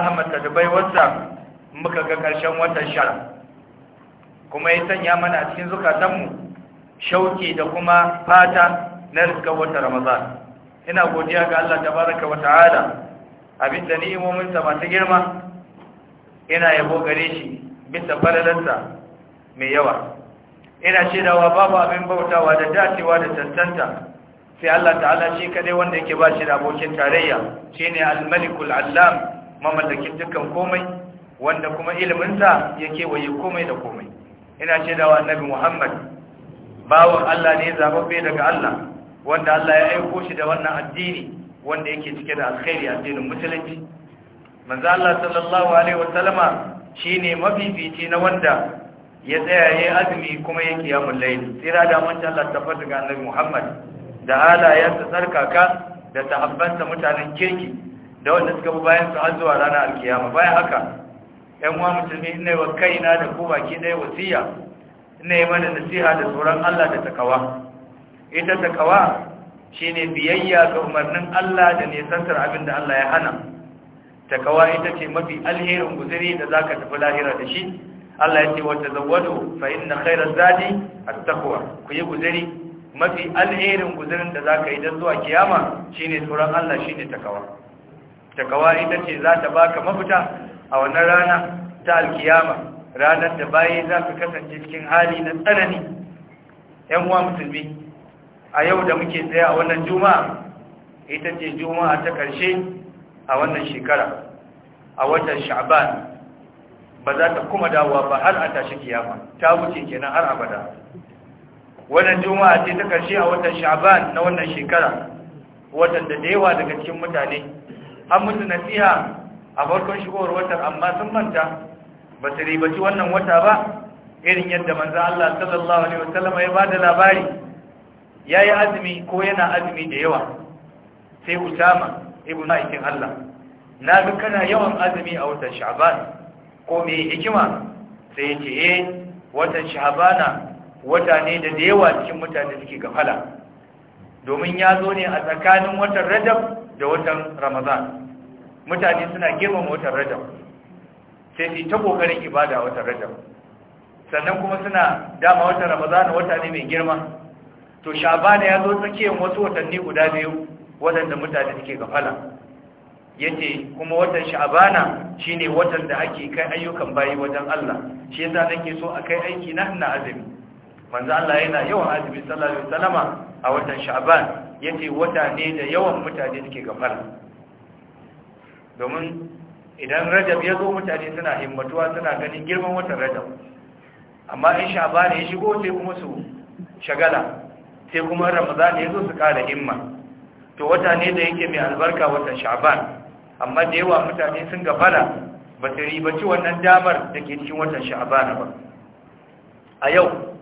ahmad da wasa muka ga ƙarshen watan shara kuma ya sanya mana a cikin zukatanmu shauki da kuma fata na rizkar wata ramazan ina godiya ga Allah baraka wa ta'ala abin da ni'imominsa masu girma ina yabo gare shi bisa falalarsa mai yawa ina shaidawa babu abin bautawa da dacewa da tantanta sai Allah ta'ala shi kadai wanda yake ba shi da abokin tarayya shine ne almalikul allam mamallakin dukkan komai wanda kuma iliminsa ya kewaye komai da komai ina shaidawa annabi Muhammad bawan Allah ne zababbe daga Allah wanda Allah ya aiko shi da wannan addini wanda yake cike da alkhairi addinin musulunci manzo Allah sallallahu alaihi sallama shine mafifici na wanda ya tsaya yayi azumi kuma yake ya mulai tsira da manzo Allah tabbata ga annabi Muhammad da halayensa tsarkaka da tahabbansa mutanen kirki da wanda suka bi bayan su har zuwa ranar alkiyama bayan haka yan uwa musulmi ina wa kaina da ku baki ɗaya wasiya ina yi mana nasiha da tsoron Allah da takawa ita takawa shine biyayya ga umarnin Allah da nisantar abin da Allah ya hana takawa ita ce mafi alherin guzuri da zaka tafi lahira da shi Allah ya ce wa tazawwadu fa inna khayra zadi at-taqwa ku yi guzuri mafi alherin guzurin da zaka yi dan zuwa kiyama shine tsoron Allah shine takawa shakawa ita ce za ta baka mafita a wannan rana ta alkiyama ranar da baye za ka kasance cikin hali na tsanani yan uwa musulmi a yau da muke tsaye a wannan juma'a ita ce juma'a ta ƙarshe a wannan shekara a watan sha’aban ba za ta kuma dawowa ba har a tashi kiyama ta wuce kenan har abada wannan juma'a ce ta ƙarshe a watan sha’aban na wannan shekara watan da da yawa daga cikin mutane an mutu nasiha a farkon shigowar watan amma sun manta ba su ribaci wannan wata ba irin yadda manzan Allah sallallahu alaihi wasallam ya bada labari ya yi azumi ko yana azumi da yawa sai Usama na Aikin Allah na ga kana yawan azumi a watan Sha'ban ko me hikima sai ya ce eh watan Sha'bana wata ne da da yawa cikin mutane suke gafala domin ya zo ne a tsakanin watan Rajab da watan Ramadan mutane suna girmama watan rajab sai su ta kokarin ibada a watan rajab sannan kuma suna dama watan ramadan wata ne mai girma to shabana ya zo tsakiyar wasu watanni guda biyu waɗanda mutane suke gafala yace kuma watan sha'abana shine watan da ake kai ayyukan bayi wajen Allah shi yasa nake so akai aiki na ina azumi manzo Allah yana yawan azumi sallallahu alaihi wasallama a watan sha'ban yace wata ne da yawan mutane suke gafala domin idan rajab ya zo mutane suna himmatuwa suna ganin girman watan rajab amma in sha'ban ya shigo sai kuma su shagala sai kuma ramadan ya zo su kara himma to wata ne da yake mai albarka watan sha'ban amma da yawa mutane sun gabara ba su ribaci wannan damar da ke cikin watan sha'ban ba a yau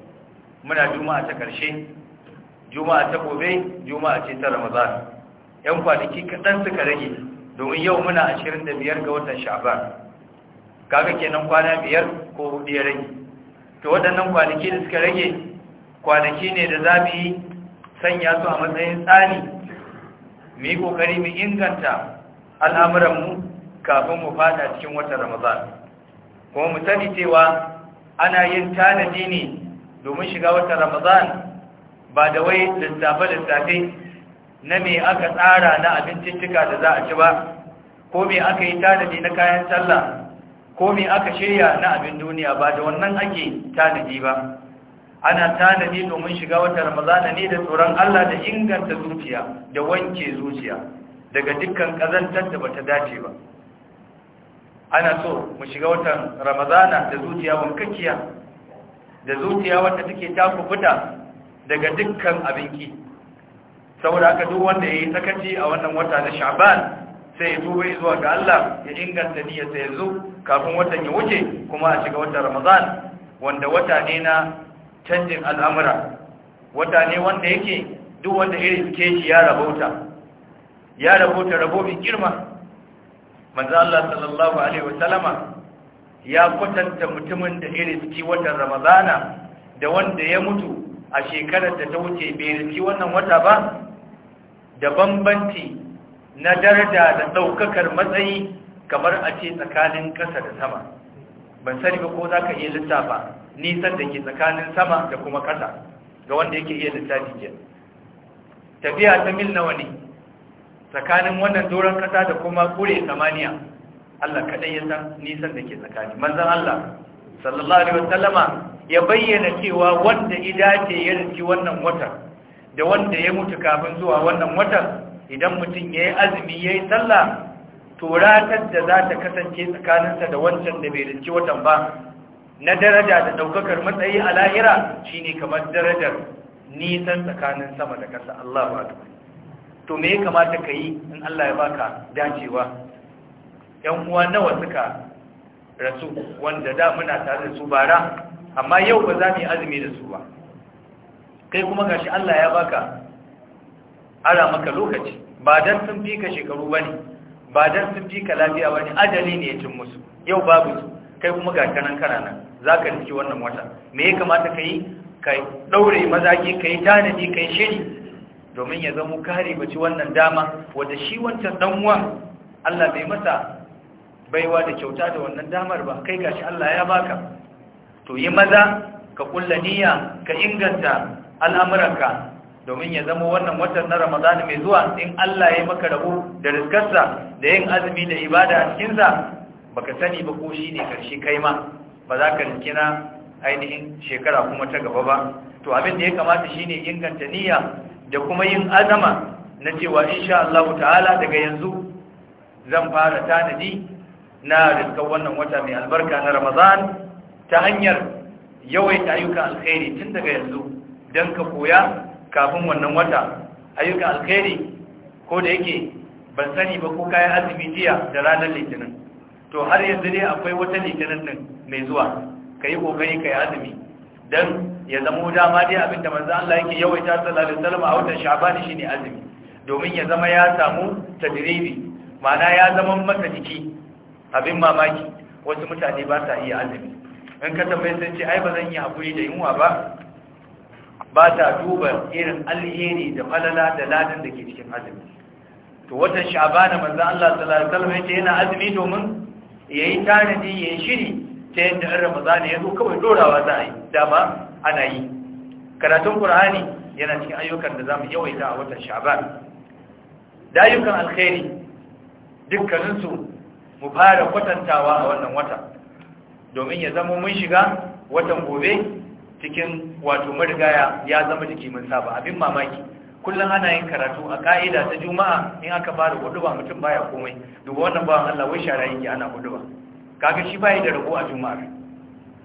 muna juma'a ta karshe juma'a ta gobe juma'a ce ta ramadan yan kwanaki kaɗan suka rage domin yau muna ashirin da biyar ga watan sha'ban kaga kenan kwana biyar ko hudu ya rage to waɗannan kwanaki da suka rage kwanaki ne da za mu yi sanya su a matsayin tsani mu yi ƙoƙari mu inganta mu kafin mu fada cikin watan ramadan kuma mu sani cewa ana yin tanadi ne domin shiga watan ramadan ba da wai lissafe-lissafe na me aka tsara na abinciccika da za a ci ba ko me aka yi tanadi na kayan sallah ko me aka shirya na abin duniya ba da wannan ake tanadi ba ana tanadi domin shiga wata ramadana ne da tsoron Allah da inganta zuciya da wanke zuciya daga dukkan kazantar da bata dace ba ana so mu shiga wata ramazana da zuciya wankakkiya da zuciya wadda take ta kufuta daga dukkan abinki saboda haka duk wanda yayi sakaci a wannan wata na Sha'ban sai ya tuba zuwa ga Allah ya inganta niyyarsa yanzu kafin watan ya wuce kuma a shiga watan Ramadan wanda wata ne na canjin al'amura wata ne wanda yake duk wanda irin shi ya rabauta ya rabauta rabobi mai girma manzo Allah sallallahu alaihi wasallama ya kwatanta mutumin da irin riski watan Ramadana da wanda ya mutu a shekarar da ta wuce bai riski wannan wata ba da bambanci na daraja da daukakar matsayi kamar a ce tsakanin ƙasa da sama ban sani ba ko za ka iya lissafa nisan da ke tsakanin sama da kuma ƙasa ga wanda yake iya lissafi ke tafiya ta mil nawa ne tsakanin wannan doron ƙasa da kuma ƙure samaniya Allah kaɗai ya san nisan da ke tsakani manzan Allah sallallahu alaihi wasallama ya bayyana cewa wanda idace ya rinci wannan watan da wanda ya mutu kafin zuwa wannan watan idan mutum ya yi azumi ya yi sallah to ratar da za ta kasance tsakaninsa da wancan da bai rinci watan ba na daraja da ɗaukakar matsayi a lahira shi ne kamar darajar nisan tsakanin sama da ƙasa Allah ba to me ya kamata ka yi in Allah ya baka dacewa yan uwa nawa suka rasu wanda da muna tare da su bara amma yau ba za mu yi azumi da su ba kai kuma gashi Allah ya baka ara maka lokaci ba dan sun fi ka shekaru bane ba dan sun fi ka lafiya bane ajali ne ya cin musu yau babu kai kuma ga kanan karana zaka riki wannan wata me ya kamata kai kai daure mazaki kai tanadi kai shiri domin ya zama kare baci wannan dama wanda shi wancan dan uwa? Allah bai masa baiwa da kyauta da wannan damar ba kai gashi Allah ya baka to yi maza ka kulla niyya ka inganta al'amuranka domin ya zama wannan watan na Ramadani mai zuwa in Allah ya maka rabu da riskarsa da yin azumi da ibada a cikinsa Ba ka sani ba ko shi ne karshe kai ma ba za ka rikina ainihin shekara kuma ta gaba ba to abin da ya kamata shi ne inganta niyya da kuma yin azama na cewa insha Allah ta'ala daga yanzu zan fara tanadi na riskar wannan wata mai albarka na Ramadan ta hanyar yawaita ayyukan alkhairi tun daga yanzu don ka koya kafin wannan wata ayyuka alkhairi ko da yake ban sani ba ko kayan azumi jiya da ranar litinin to har yanzu ne akwai wata litinin nan mai zuwa ka yi kokari ka yi azumi don ya zama dama dai abinda manzan Allah yake yawaita sallallahu alaihi wasallam a watan sha'ban ne azumi domin ya zama ya samu tadribi ma'ana ya zama masa jiki abin mamaki wasu mutane ba sa iya azumi in ka tambaye sai ce ai ba zan yi hakuri da yunwa ba ba ta duba irin alheri da falala da ladan da ke cikin azumi to watan sha'bana manzo Allah sallallahu alaihi wasallam yace yana azumi domin yayi tanadi yayi shiri ta yadda in Ramadan ya zo kawai dorawa za a yi dama ana yi karatun Qur'ani yana cikin ayyukan da zamu yawaita a watan sha'ban da ayyukan alkhairi dukkanin su mu fara kwatantawa a wannan wata domin ya zama mun shiga watan gobe cikin wato marigaya ya zama jiki mun saba abin mamaki kullum ana yin karatu a ka'ida ta juma'a in aka fara huduba mutum baya komai duba wannan bawan Allah wai shara yake ana huduba kaga shi bai da rago a juma'ar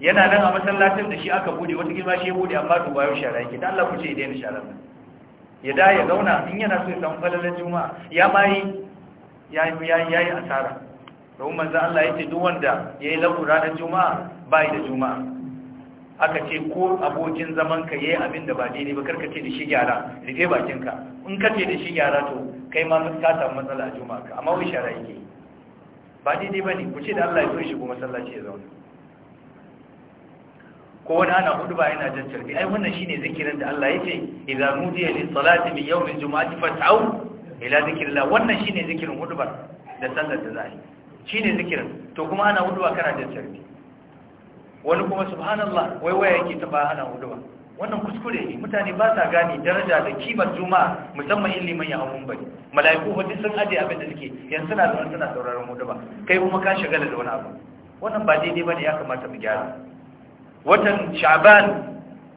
yana nan a masallacin da shi aka bude wata kima shi ya bude amma duba yau shara yake dan Allah ku ce idan shara nan ya da ya zauna in yana so ya samu falalar juma'a ya mai ya yi asara domin manzo Allah yace duk wanda yayi lafu na juma'a bai da juma'a aka ce ko abokin zaman ka yayi abin da ba daidai ba karka ce da shi gyara rufe bakin ka in ka ce da shi gyara to kai ma ka samu matsala a juma'a ka amma wai shara yake ba daidai ba ne ku ce da Allah ya so shi go masallaci ya zauna ko wani ana hudu ba yana jan carbi ai wannan shine zikirin da Allah yake idza nudiya lis salati min yawmil jumu'ati ta'u ila zikrillah wannan shine zikirin hudu ba da sallar da zai shine zikirin to kuma ana hudu ba kana jan carbi wani kuma subhanallah wai waya yake taba ana wudu wannan kuskure ne mutane ba sa gane daraja da kimar juma'a musamman in liman ya hawan bari mala'iku wajen sun aje abin da suke yanzu suna zuwa suna sauraron ba. kai kuma ka shagala da wani abu wannan ba daidai bane ya kamata mu gyara watan sha'ban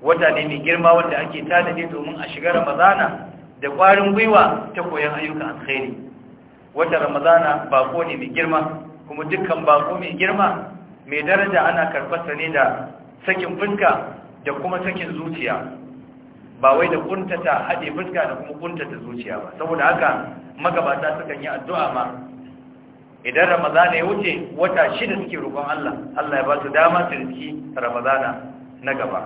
wata ne mai girma wanda ake tanade domin a shiga ramadana da kwarin gwiwa ta koyan ayyukan alkhairi wata ramadana bako ne mai girma kuma dukkan bako mai girma mai daraja ana karɓarsa ne da sakin fuska da kuma sakin zuciya ba wai da kuntata haɗe fuska da kuma kuntata zuciya ba saboda haka magabata sukan yi addu'a ma idan ramadana ya wuce wata shida suke roƙon Allah Allah ya ba su dama su riski ramadana na gaba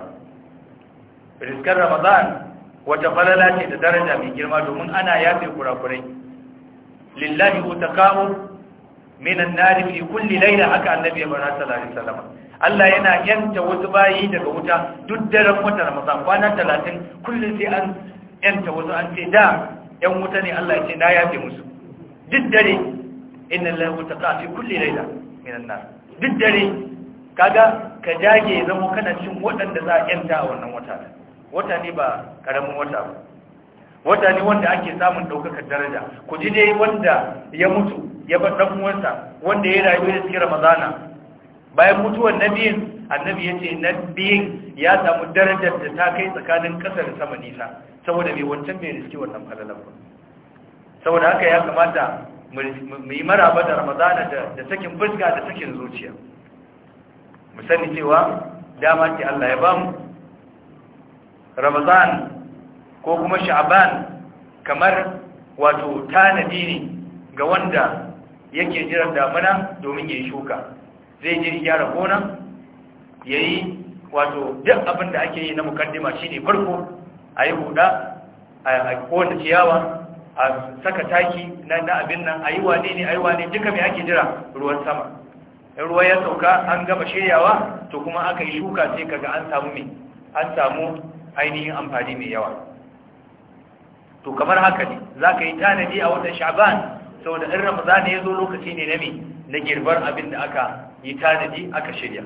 riskar ramadan wata falala ce da daraja mai girma domin ana yafe kurakurai lillahi utakamu minan nari fi kulli laila haka annabi ya bara sallallahu alaihi wasallam Allah yana yanta wasu bayi daga wuta duk daren wata Ramadan kwana 30 kullun sai an yanta wasu an ce da yan wuta ne Allah ya ce na yafe musu duk dare inna lillahi wa taqa fi kulli laila minan nar duk dare kaga ka jage zama kana cin waɗanda za a yanta a wannan wata wata ne ba karamin wata ba wata ne wanda ake samun ɗaukakar daraja ku ji dai wanda ya mutu ya bar dan uwansa wanda ya rayu da cikin ramadana bayan mutuwar nabiyin annabi ya ce nabiyin ya samu darajar da ta kai tsakanin ƙasar da sama nisa saboda mai wancan mai riski wannan falalar ba saboda haka ya kamata mu yi maraba da ramadana da sakin fuska da sakin zuciya mu sani cewa dama ce Allah ya bamu ramadan ko kuma sha'ban kamar wato tanadi ne ga wanda yake jiran damuna domin ya yi shuka zai je gyara gona ya yi wato duk abin da ake yi na mukaddima shine farko a yi huda a kona ciyawa a saka taki na abin nan a yi wane ne a yi wane duka mai ake jira ruwan sama in ruwa ya sauka an gama shiryawa to kuma aka yi shuka sai kaga an samu mai an samu ainihin amfani mai yawa to kamar haka ne za ka yi tanadi a watan sha'ban da in ramazani ya zo lokaci ne na me na girbar abin da aka yi tanadi aka shirya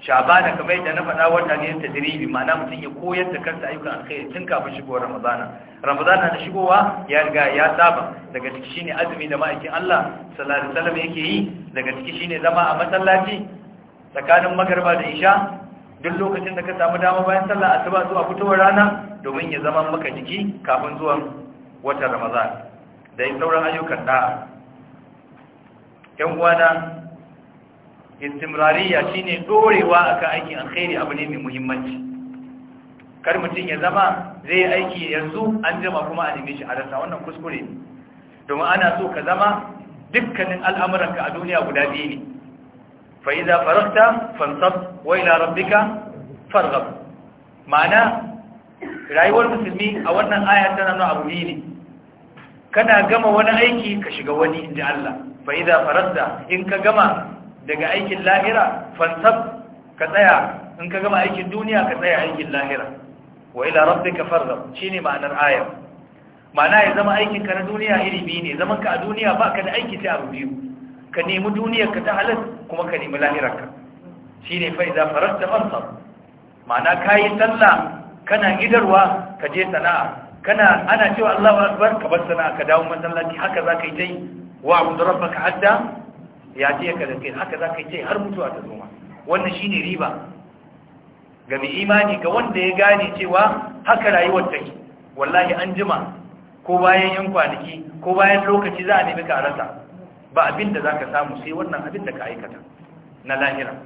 shabana kamar yadda na faɗa wata ne ta diribi ma'ana mutum ya koyar da kansa ayyukan alkhairi tun kafin shigowar Ramazana. Ramazana na shigowa ya riga ya saba daga ciki shine azumi da ma'aikin Allah sallallahu alaihi wasallam yake yi daga ciki shine zama a masallaci tsakanin magarba da isha duk lokacin da ka samu dama bayan sallah asuba zuwa fitowar rana domin ya zama maka jiki kafin zuwan watan ramadan da yin sauran ayyukan da'a yan uwana istimrariya shine dorewa akan aikin alkhairi abu ne mai muhimmanci kar mutum ya zama zai yi aiki yanzu an jama kuma a neme shi a rasa wannan kuskure ne domin ana so ka zama dukkanin al'amuranka a duniya guda biyu ne Fa'iza farakta, fansab wa ila rabbika farghab ma'ana rayuwar musulmi a wannan aya tana nuna abu biyu ne kana gama wani aiki ka shiga wani inda Allah fa idza farasta in ka gama daga aikin lahira fantab ka tsaya in ka gama aikin duniya ka tsaya aikin lahira wa ila rabbika farghab shine ma'anar ayar ma'ana ya zama aikin ka na duniya iri biyu ne zaman ka a duniya ba ka da aiki sai abu biyu ka nemi duniyar ka ta halal kuma ka nemi lahirar ka shine fa idza farasta fansab ma'ana kai sallah kana gidarwa ka je sana'a kana ana cewa Allahu akbar ka bar sana ka dawo masallaci haka zaka yi dai wa abudu rabbaka hatta ya ce ka da kai haka zaka yi dai har mutuwa ta zo ma wannan shine riba ga mai imani ga wanda ya gane cewa haka rayuwar take wallahi an jima ko bayan yan kwanaki ko bayan lokaci za a nemi ka rasa ba abin da zaka samu sai wannan abin da ka aikata na lahira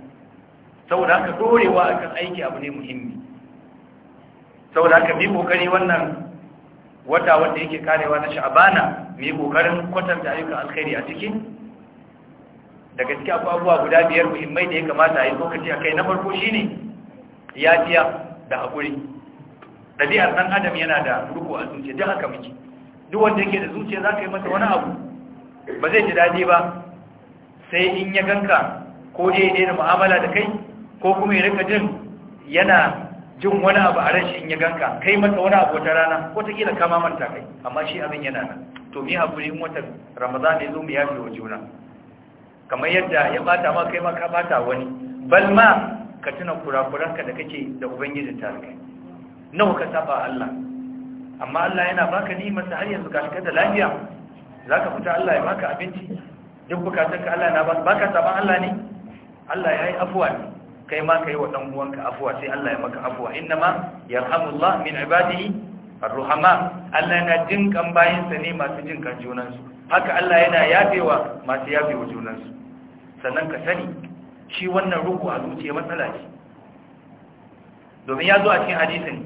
saboda haka dorewa akan aiki abu ne muhimmi saboda haka bi kokari wannan wata wanda yake karewa na sha'abana mai kokarin kwatanta ayyukan alkhairi a ciki da gaske akwai abubuwa guda biyar muhimmai da ya kamata a yi lokaci a kai na farko shi ya yafiya da haƙuri ɗabi'ar ɗan adam yana da ruku a zuciya duk haka muke duk wanda yake da zuciya za ka yi masa wani abu ba zai ji daɗi ba sai in ya ganka ko dai-dai da mu'amala da kai ko kuma ya rika jin yana jin wani abu a rashin ya ganka kai masa wani abu wata rana watakila kama manta kai amma shi abin yana nan to mi haƙuri in watan ramadan ya zo mu yafi wa juna kamar yadda ya bata ma kai ma ka bata wani bal ma ka tuna kurakuranka da kake da ubangiji ta kai nawa ka saba Allah amma Allah yana baka ta har yanzu ka shiga da lafiya ka fita Allah ya baka abinci duk bukatunka ka Allah na baka baka saban Allah ne Allah ya yi afuwa ne kai ma ka yi wa dan uwanka afwa sai Allah ya maka afwa innama yarhamullah min ibadihi ruhama Allah yana jin kan bayansa ne masu jin kan junan su haka Allah yana yafewa masu yafewa junan su sannan ka sani shi wannan ruku a zuciya matsala ce domin ya zo a cikin hadisin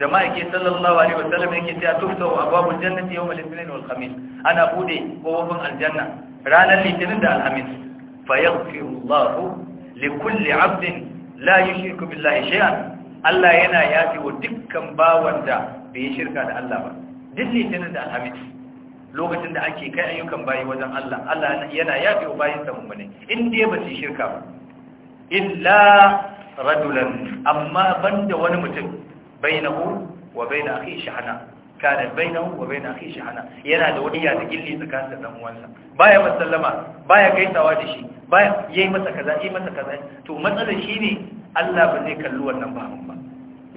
da ma'aike sallallahu alaihi wasallam yake cewa tuftahu abwabul jannati yawmal ithnin wal khamis ana bude kofofin aljanna ranar litinin da alhamis fayaghfirullahu likulli abdin la yushriku billahi shay'an Allah yana yafi wa dukkan bawan da bai shirka da Allah ba duk tana da alhamis lokacin da ake kai ayyukan bayi wajen Allah Allah yana yafi wa bayin sa mummune in dai ba su shirka ba illa radulan amma banda wani mutum bainahu wa bain akhi shahana kana bainahu wa bain akhi hana. yana da wani ya da gilli tsakanin ɗan uwansa baya masallama baya gaisawa da shi baya ya yi masa kaza yi masa kaza to matsalar ne Allah ba zai kalli wannan ba ba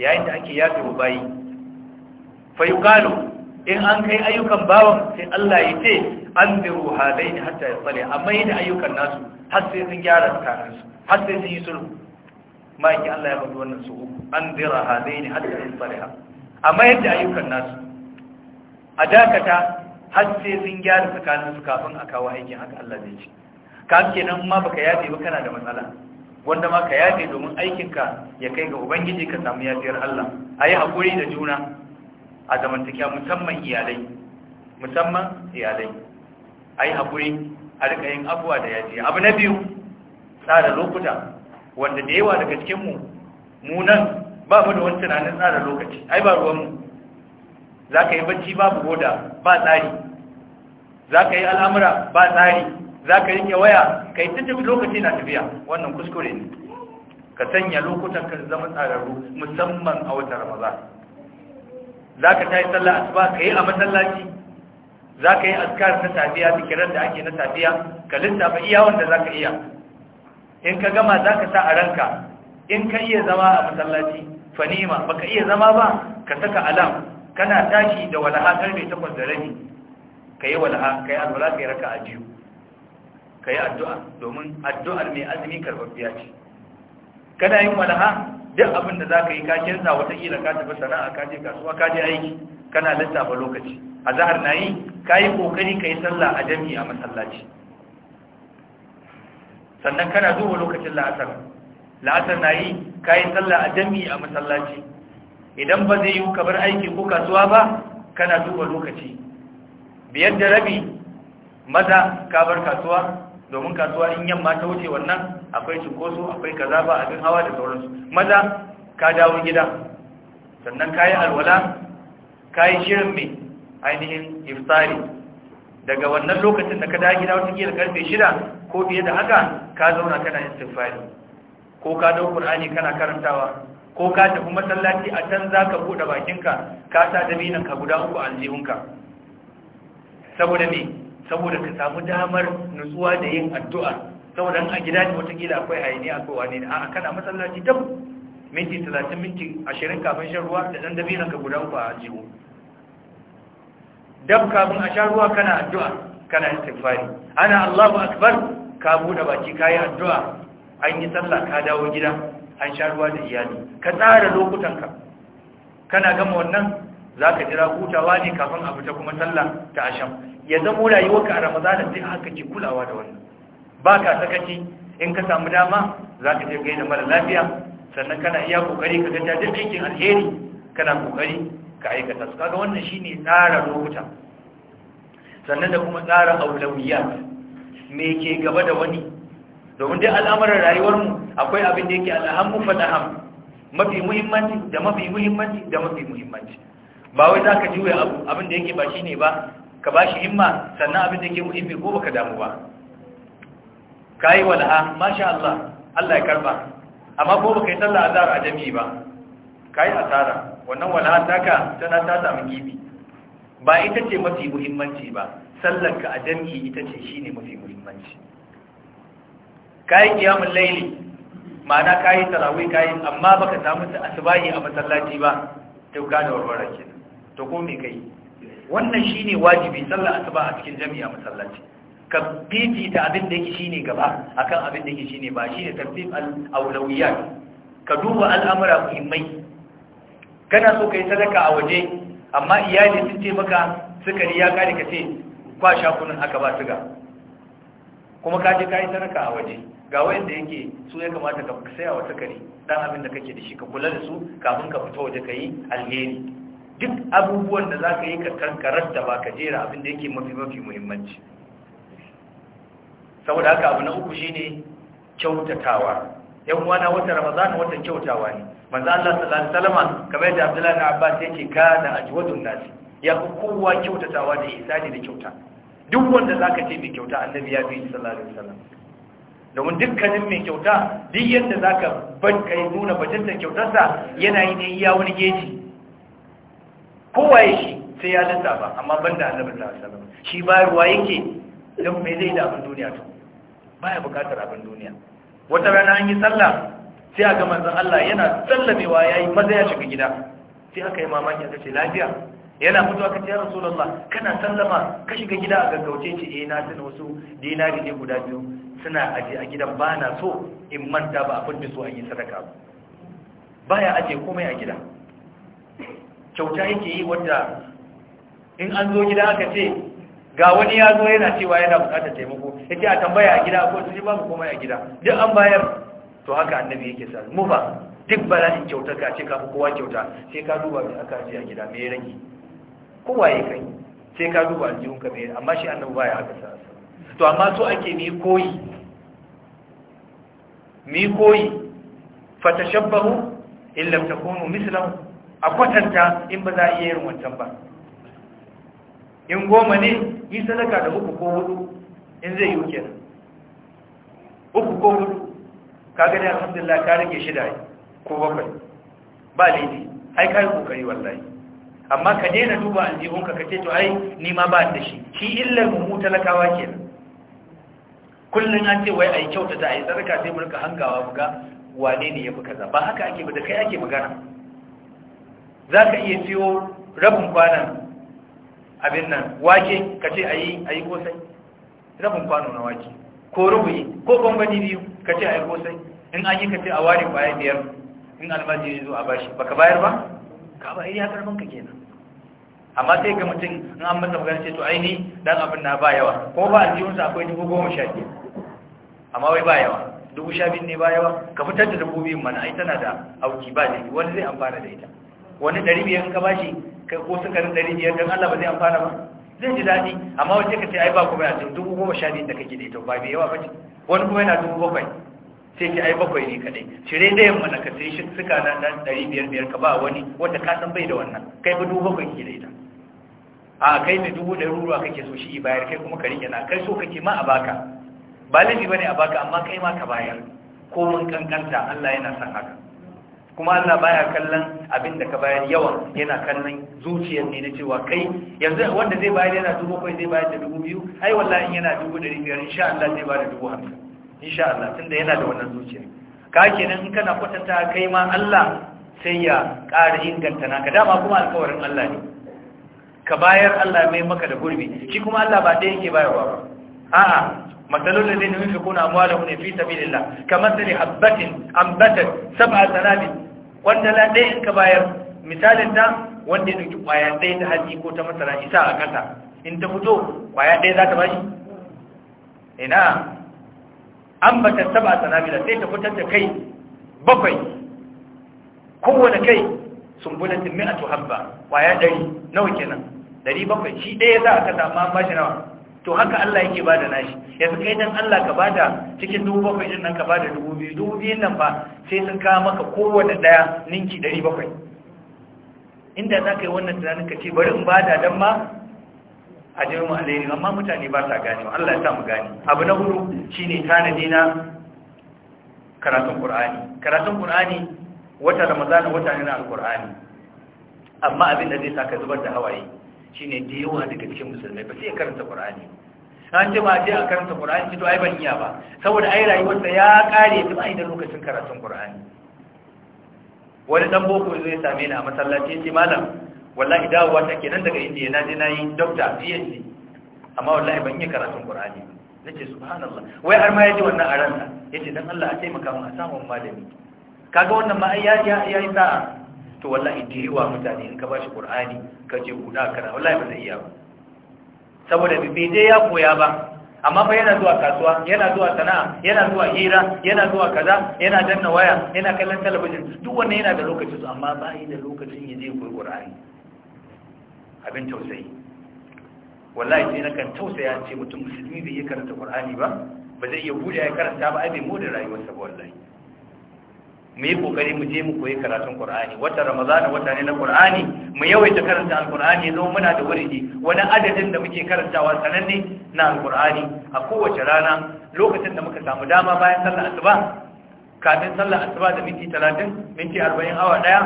yayin da ake yafe wa bayi fa yuqalu in an kai ayyukan bawan sai Allah ya ce an biru halaini hatta ya tsale amma yi da ayyukan nasu har sai sun gyara su, har sai sun yi sulhu maki Allah ya faɗi wannan su uku an bira halaini hatta ya tsale amma yadda ayyukan nasu a dakata har sai sun gyara tsakaninsu kafin a kawo aikin haka Allah zai ce ka nan ma baka yafe ba kana da matsala wanda ma ka yafe domin aikinka ya kai ga ubangiji ka samu yafiyar Allah a yi haƙuri da juna a zamantakiya musamman iyalai musamman iyalai a yi haƙuri a rika yin abuwa da yaji abu na biyu tsara lokuta wanda da yawa daga cikinmu mu nan ba mu da wani tunanin tsara lokaci ai ba ruwanmu za ka yi bacci babu goda ba tsari za ka yi al'amura ba tsari za ka rike waya ka yi tattabi lokaci na tafiya wannan kuskure ne ka sanya lokutan ka zama tsararru musamman a wata ramadan za ka ta yi sallah asuba ka yi a masallaci za ka yi askar na tafiya zikirar da ake na tafiya? ka lissafa iya wanda za ka iya in ka gama za ka sa a ranka in ka iya zama a masallaci fanima baka iya zama ba ka saka alam kana tashi da walaha karfe takwas da rabi ka yi walaha ka yi alwala ka yi raka a biyu ka yi addu'a domin addu'ar mai azumi karfafiya ce kana yin walaha duk abin da za ka yi kakin sa watakila ka tafi sana'a ka je kasuwa ka je aiki kana lissafa lokaci a zahar na yi ka yi ƙoƙari ka yi sallah a jam'i a masallaci sannan kana zuwa lokacin la'asar la'asar na yi ka yi sallah a jam'i a masallaci idan ba zai yi kamar aiki ko kasuwa ba kana duba lokaci biyar da rabi maza ka bar kasuwa domin kasuwa in yamma ta wuce wannan akwai cunkoso akwai kaza ba abin hawa da sauransu maza ka dawo gida sannan ka yi alwala ka yi shirin mai ainihin iftari daga wannan lokacin da ka dawo gida wata karfe shida ko biye da haka ka zauna kana istighfari ko ka dau qur'ani kana karantawa ko ka tafi masallaci a can za ka buɗe bakinka ka sa dabinan ka guda uku a aljihunka saboda me saboda ka samu damar nutsuwa da yin addu'a saboda a gida ne watakila akwai hayani a wani da a kana masallaci dab minti talatin minti ashirin kafin shan ruwa da ɗan dabinan ka guda uku a aljihu dab kafin a sha ruwa kana addu'a kana istighfari ana Allahu akbar ka buɗe baki kayi addu'a an yi sallah ka dawo gida an sha ruwa da iyali ka tsara lokutanka kana gama wannan za ka jira hutawa ne kafin a fita kuma sallah ta asham ya zamo rayuwarka a ramadana sai haka ke kulawa da wannan ba ka sakaci in ka samu dama za ka je gaida mara lafiya sannan kana iya kokari ka ganta duk aikin alheri kana kokari ka aikata su kaga wannan shi ne tsara lokuta sannan da kuma tsara aulawiyat me ke gaba da wani domin dai al'amuran rayuwarmu akwai abin da yake alhammu fadaham mafi muhimmanci da mafi muhimmanci da mafi muhimmanci ba wai za ka juya abu abin da yake ba shi ne ba ka ba shi himma sannan abin da yake muhimmi ko baka damu ba ka yi walha masha Allah Allah ya karba amma ko baka yi sallah azhar a jami'i ba ka yi asara wannan walha taka tana ta samu gibi ba ita ce mafi muhimmanci ba sallar ka a jami'i ita ce shine mafi muhimmanci kayi kiyamun laili ma'ana kayi tarawih kayi amma baka samu asubahi a masallaci ba to gane warware ke to ko me kai wannan shine wajibi sallar asuba a cikin jami'a masallaci ka biji ta abin da yake shine gaba akan abin da yake shine ba shine tartib al-awlawiyat ka duba al'amura muhimmai kana so kai sadaka a waje amma iyali sun ce maka sukari ya kare ka ce kwa shakunan aka ba suga kuma ka je ka yi a waje ga wanda yake su ya kamata ka sai a wata kare dan abin da kake da shi ka kula da su kafin ka fita waje ka alheri duk abubuwan da za ka yi ka kankarar da ba ka jera abin da yake mafi mafi muhimmanci saboda haka abu na uku shine kyautatawa yan wana wata ramadan wata kyautawa ne manzo Allah sallallahu alaihi wasallam kamar yadda Abdullahi ibn Abbas yake kana ajwadun nasi ya kowa kyautatawa da isani da kyauta duk wanda za ka ce mai kyauta annabi ya fi sallallahu alaihi wasallam domin dukkanin mai kyauta duk yadda za ban kai nuna bajinta kyautarsa yana yi ne iya wani geji kowa ya shi sai ya ba, amma ban da annabi sallallahu alaihi wasallam shi ruwa yake don mai zai da abin duniya to baya bukatar abin duniya wata rana an yi sallah sai aka manzon Allah yana sallamewa yayi maza ya shiga gida sai aka yi mamaki aka ce lafiya yana mutuwa kace ya rasulullah kana sallama ka shiga gida a gaggauce ce eh na tana wasu dinari ne guda biyu suna aje a gidan ba na so in manta ba abin da so an yi sadaka ba baya aje komai a gida kyauta yake yi wanda in an zo gida aka ce ga wani ya zo yana cewa yana bukatar taimako yake a tambaya a gida ko su ba mu komai a gida duk an bayar to haka annabi yake sa mu ba duk bala'in kyauta ka ce ka fi kowa kyauta sai ka duba mai aka ce a gida me rage kowa ya kai sai ka duba aljihun ka mai amma shi annabi baya haka sa to amma so ake mi koyi mi koyi fa tashabbahu in lam takunu mislahu a kwatanta in ba za a iya yin wancan ba in goma ne yi sadaka da uku ko hudu in zai yi kenan uku ko hudu ka gani alhamdulillah ka rage shida ko bakwai ba laifi ai kai kokari wallahi amma ka daina duba aljihunka ka ce to ai ni ma ba da shi shi illar mu talakawa kenan kullun an ce wai ai kyautata ai tsarka sai mulka hangawa buga wane ne yafi kaza ba haka ake ba da kai ake magana zaka iya siyo rabin kwanan abin nan wake ka ce ayi ayi kosai rabin kwano na wake ko rubuyi ko gwangwani biyu ka ce ayi kosai in an yi ka ce a ware kwaya biyar in almajiri zo a bashi baka bayar ba ka ba iya karfin ka kenan amma sai ga mutum in an masa magana ce to aini dan abin na ba yawa ko ba sa akwai dubu goma sha biyu amma wai ba yawa dubu sha biyu ne ba yawa ka fitar da biyun mana ai tana da auki ba ne wani zai amfana da ita wani ɗari biyar ka bashi ko sukarin ɗari biyar don Allah ba zai amfana ba zai ji daɗi amma sai ka ce ai ba kuma ya ce dubu goma sha biyu da kake da ita ba bai yawa ba ce wani kuma yana dubu bakwai sai ki ai bakwai ne kadai cire da yamma na kasai shi suka na dan 500 ka ba wani wanda ka san bai da wannan kai ba dubu bakwai ki da ita a kai ne dubu ɗari ruwa kake so shi bayar kai kuma ka rike na kai so kake ma a baka ba laifi bane a baka amma kai ma ka bayar ko mun kankanta Allah yana san haka kuma Allah baya kallon abin da ka bayar yawan yana kallon zuciyar ne na cewa kai yanzu wanda zai bayar yana dubu kai zai bayar da dubu biyu ai wallahi yana dubu ɗari biyar insha Allah zai bayar da dubu hamsin insha Allah tunda yana da wannan zuciya ka kenan in kana kwatanta kai ma Allah sai ya ƙara inganta naka dama kuma alƙawarin Allah ne ka bayar Allah mai maka da gurbi shi kuma Allah ba ɗaya yake bayarwa ba a'a matsalolin da nufi kuna amwala ne fi sabilillah kamar da habbatin ambatar sab'a sanabi wanda la ɗaya in ka bayar misalin ta wanda ya ɗauki ƙwaya ɗaya ta hatsi ko ta masara isa a ƙasa in ta fito ƙwaya ɗaya za ta bashi ina an ba ta saba sanabila sai ta fitar da kai bakwai kowane kai sun sumbulatin mi'atu habba kwaya ɗari nawa kenan ɗari bakwai shi ɗaya za a kasa amma ba shi nawa to haka Allah yake bada nashi yanzu kai dan Allah ka bada cikin dubu bakwai din nan ka bada dubu biyu dubu biyun nan ba sai sun kawo maka kowanne ɗaya ninki ɗari bakwai inda za ka yi wannan tunanin ka ce bari in bada dan ma a je mu alheri amma mutane ba sa gane Allah ya sa mu gani abu na hudu shine tanadi na karatun ƙur'ani karatun ƙur'ani wata Ramadan wata ne na al amma abin da zai saka zubar da hawaye shine da yawa daga cikin musulmai ba sai karanta ƙur'ani an ce ma je a karanta Qur'ani to ai ban iya ba saboda ai rayuwar da ya kare ta ba da lokacin karatun ƙur'ani wani dan boko zai same ni a masallaci sai malam wallahi dawowa ta kenan daga indiya na je na yi dokta phd amma wallahi ban yi karatun qur'ani na ce subhanallah wai har ma ya ji wannan a ranta? ya ce don allah a taimaka mun a samun malami kaga wannan ma ya ya yi sa'a to wallahi da yawa mutane in ka bashi qur'ani ka je guda kana wallahi ba zai iya ba saboda bai je ya koya ba amma fa yana zuwa kasuwa yana zuwa sana'a yana zuwa hira yana zuwa kaza yana danna waya yana kallon talabijin duk wannan yana da lokacin su amma ba yi da lokacin ya je koyi qur'ani abin tausayi wallahi sai nakan tausaya ce mutum musulmi bai ya karanta qur'ani ba ba zai iya buɗe ya karanta ba ai bai da rayuwarsa ba wallahi mu yi kokari mu je mu koyi karatun qur'ani wata ramadana wata ne na qur'ani mu yawaita karanta alqur'ani zo muna da wuri wani adadin da muke karantawa sananne na alqur'ani a kowace rana lokacin da muka samu dama bayan sallar asuba kafin sallar asuba da minti 30 minti 40 awa daya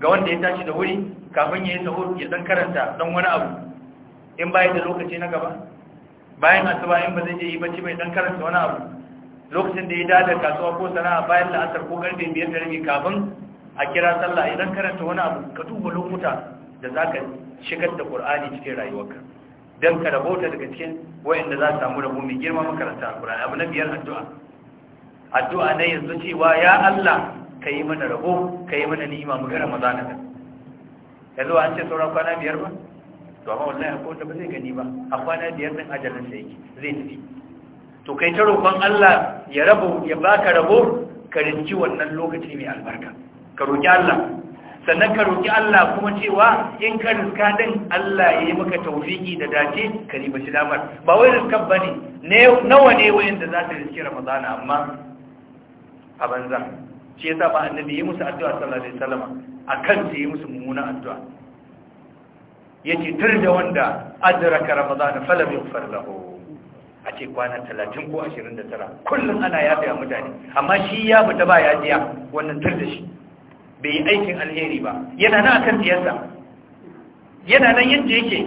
ga wanda ya tashi da wuri kafin ya yi taho ya zan karanta don wani abu in bayan da lokaci na gaba bayan asuba in ba zai je yi bacci bai zan karanta wani abu lokacin da ya dada kasuwa ko sana'a bayan la'asar ko karfe biyar da rami kafin a kira sallah ya zan karanta wani abu ka duba lokuta da za ka shigar da ƙur'ani cikin rayuwarka dan ka rabota daga cikin wayanda za su samu rabo mai girma makaranta Qur'ani abu na biyar addu'a addu'a ne yanzu cewa ya Allah ka yi mana rabo ka yi mana ni'ima mu ga Ramadan yanzu an ce sauran kwana biyar ba to amma wallahi akwai wanda ba zai gani ba a kwana biyar din ajalin sa yake zai tafi to kai ta roƙon Allah ya rabo ya baka rabo ka rinci wannan lokaci mai albarka ka roƙi Allah sannan ka roƙi Allah kuma cewa in ka riska din Allah ya yi maka tawfiki da dace ka riba shi damar ba wai riskan ne nawa ne wayanda za ta riski Ramadana amma a banza shi yasa ba annabi yi musu addu'a sallallahu alaihi wasallam a kan yi musu mummuna addu'a Ya ce, tur da wanda adraka ramadan falam yughfar lahu a ce kwana 30 ko 29 kullum ana yafe wa mutane amma shi ya fita ba ya jiya wannan tur da shi bai yi aikin alheri ba yana nan a kan siyasa yana nan yadda yake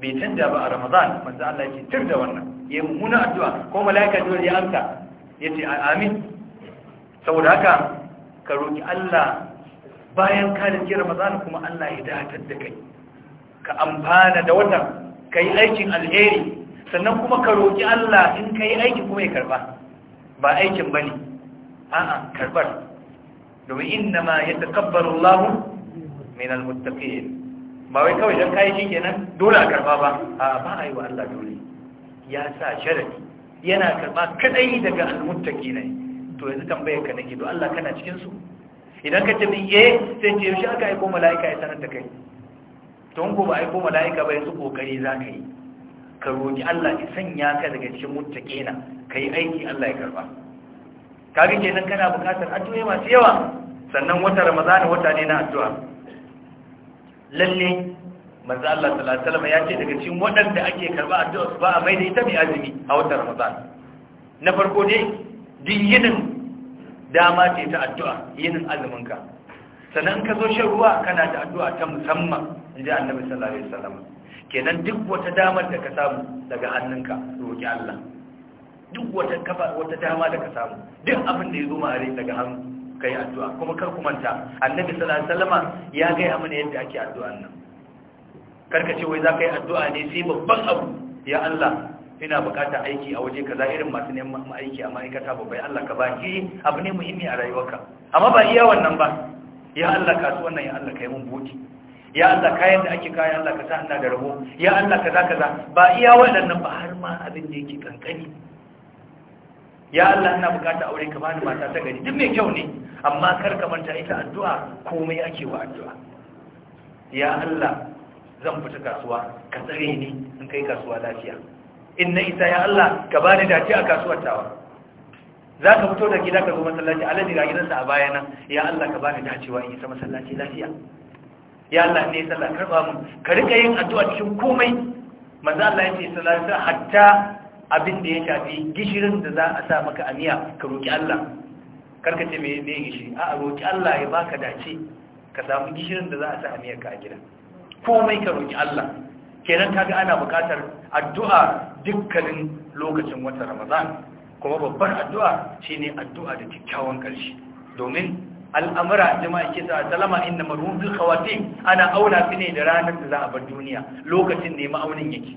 bai canja ba a ramadan manzo Allah ce tur da wannan ya yi mummuna addu'a ko malaika dole ya amsa Ya yace amin saboda haka ka roƙi Allah bayan ka da ramazan kuma Allah ya datar da kai ka amfana da wannan ka yi aikin alheri sannan kuma ka roƙi Allah in ka yi aiki kuma ya karba ba aikin ba ne a'a karbar domin inna ma yataqabbalu Allahu min almuttaqin ba wai kawai dan kai shi kenan dole a karba ba a ba a yi wa Allah dole ya sa sharadi yana karba kadai daga almuttaqin to yanzu tambayar ka nake to Allah kana cikin su idan ka ce min eh sai ce yaushe aka aiko mala'ika ya sanar da kai to ko ba aiko mala'ika ba yanzu kokari za ka yi ka roki Allah ya sanya ka daga cikin Ka kai aiki Allah ya karba kaga kenan kana bukatar addu'a masu yawa sannan wata ramadana wata ne na addu'a lalle manzo Allah sallallahu alaihi wasallam ya ce daga cikin waɗanda ake karba addu'a ba a mai da ita mai azumi a wata ramadan na farko ne diyinin dama ce ta addu'a yin azuminka sannan ka zo shan ruwa kana da addu'a ta musamman inda annabi sallallahu alaihi wasallam kenan duk wata damar da ka samu daga hannunka roƙi Allah duk wata kafa wata dama da ka samu duk abin da ya zo mare daga hannu kai addu'a kuma kar ku manta annabi sallallahu alaihi wasallam ya ga ya mana yadda ake addu'an nan karka ce wai za ka yi addu'a ne sai babban abu ya Allah ina buƙatar aiki a waje kaza irin masu neman aiki a ma'aikata babbai Allah ka baki abu ne muhimmi a rayuwarka amma ba iya wannan ba ya Allah su wannan ya Allah ka yi mun buki ya Allah kayan da ake kaya Allah ka sa ina da rabo ya Allah kaza kaza ba iya wannan ba har ma abin da yake kankani ya Allah ina bukata aure ka bani mata ta gari duk mai kyau ne amma kar ka manta ita addu'a komai ake wa addu'a ya Allah zan fita kasuwa ka tsare ni in kai kasuwa lafiya Inna isa ya Allah ka bani dace a kasuwar tawa za ka fito da gida ka zo masallaci alaji ga gidansa a baya nan ya Allah ka bani dacewa in isa masallaci lafiya ya Allah ne sallah karba mun ka rika yin addu'a cikin komai manzo Allah ya ce sallallahu alaihi hatta abin da ya shafi gishirin da za a sa maka aniya ka roki Allah Kar ka ce me ne gishiri a roki Allah ya baka dace ka samu gishirin da za a sa aniyar ka a gida komai ka roki Allah kenan ga ana bukatar addu'a dukkanin lokacin watan ramadan kuma babbar addu'a shine addu'a da kyakkyawan ƙarshe domin al'amura jama'a ke sa salama inna bil khawatim ana auna su da ranar da za a bar duniya lokacin ne ma'aunin yake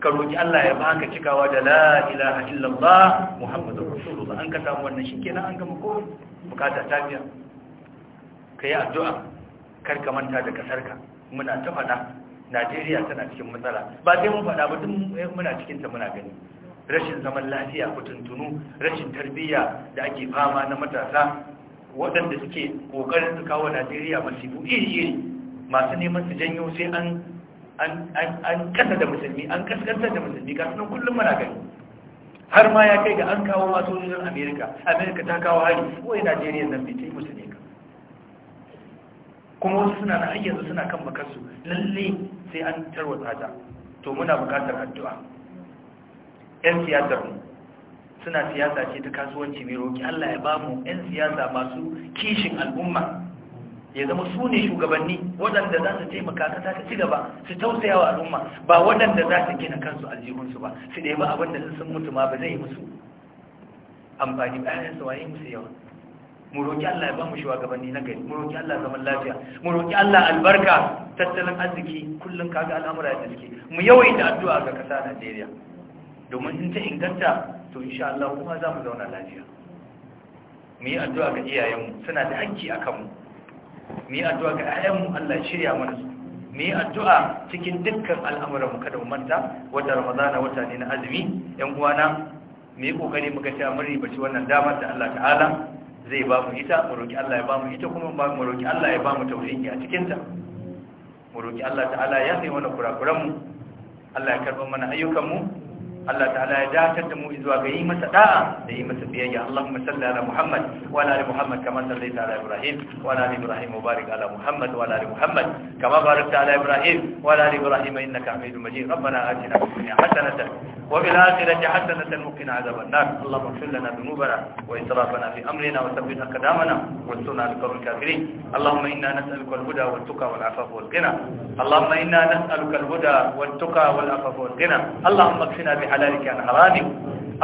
ka roki Allah ya baka cikawa da la ilaha illallah muhammadur rasulullah an ka samu wannan shikenan an gama ko bukata ta biya kai addu'a karka manta da kasarka muna ta fada najeriya tana cikin matsala ba sai mun faɗa ba duk muna cikinta muna gani rashin zaman lafiya tuntunu rashin tarbiyya da ake fama na matasa waɗanda suke ƙoƙarin su kawo najeriya masifu iri-iri masu neman su janyo sai an an kasa da musulmi an kaskantar da musulmi kasunan kullum muna gani har ma ya kai ga an kawo masu wajen amerika amerika ta kawo hari wai najeriya nan bai ta yi musulmi kuma wasu suna har yanzu suna kan bakarsu lalle sai an tarwata ta to muna bukatar addu'a yan siyasar mu suna siyasa ce ta kasuwanci mai roƙi Allah ya ba mu yan siyasa masu kishin al'umma ya zama su ne shugabanni waɗanda za su taimaka kasa ta ci gaba su tausaya wa al'umma ba waɗanda za su gina kansu aljihunsu ba su ɗaya ba abin da sun mutu ma ba zai yi musu amfani ba yayin su waye musu yawa mu roƙi Allah ya ba mu shugabanni na gari mu roƙi Allah zaman lafiya mu roƙi Allah albarka tattalin arziki kullun kaga al'amura da suke mu yawaita addu'a ga kasa Najeriya domin in ta inganta to insha Allah kuma za mu zauna lafiya mu yi addu'a ga iyayenmu suna da hakki akan mu mu yi addu'a ga ayyanmu Allah ya shirya mana su mu yi addu'a cikin dukkan al'amuran mu kada mu manta wata Ramadana wata ne na azumi yan uwana mu yi kokari mu ga cewa mun shi wannan damar da Allah ta'ala zai ba mu ita mu roki Allah ya ba mu ita kuma mu roki Allah ya ba mu tauhidi a cikinta ta mu roki Allah ta'ala ya sai mana kurakuran mu Allah ya karba mana ayyukan mu Allah ta'ala ya dakatar da mu zuwa ga yi masa da'a da yi masa biyayya Allahumma salli ala Muhammad wa ala ali Muhammad kama sallaita ala Ibrahim wa ala ali Ibrahim wa barik ala Muhammad wa ala ali Muhammad kama barakta ala Ibrahim wa ala ali Ibrahim innaka Hamidum Majid Rabbana atina fid dunya hasanatan وبالآخرة حسنة وقنا عذاب النار اللهم اغفر لنا ذنوبنا وإسرافنا في أمرنا وثبت أقدامنا وانصرنا على القوم الكافرين اللهم إنا نسألك الهدى والتقى والعفاف والغنى اللهم إنا نسألك الهدى والتقى والعفاف والغنى اللهم اكفنا بحلالك عن حرامك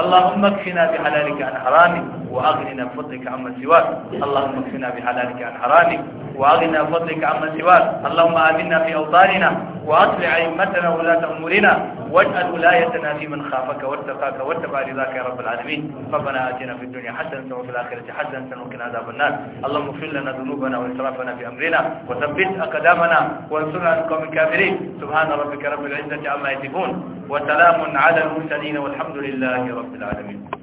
اللهم اكفنا بحلالك عن حرامك واغننا بفضلك عما سواك اللهم اكفنا بحلالك عن حرامك واغننا بفضلك عما سواك اللهم آمنا في اوطاننا واصلح ائمتنا ولاة امورنا واجعل ولايتنا في من خافك واتقاك واتبع رضاك يا رب العالمين ربنا آتنا في الدنيا حسنة وفي الآخرة حسنة وقنا عذاب النار اللهم اغفر لنا ذنوبنا وإسرافنا في أمرنا وثبت أقدامنا وانصرنا على القوم الكافرين سبحان ربك رب العزة عما يصفون وسلام على المرسلين والحمد لله رب العالمين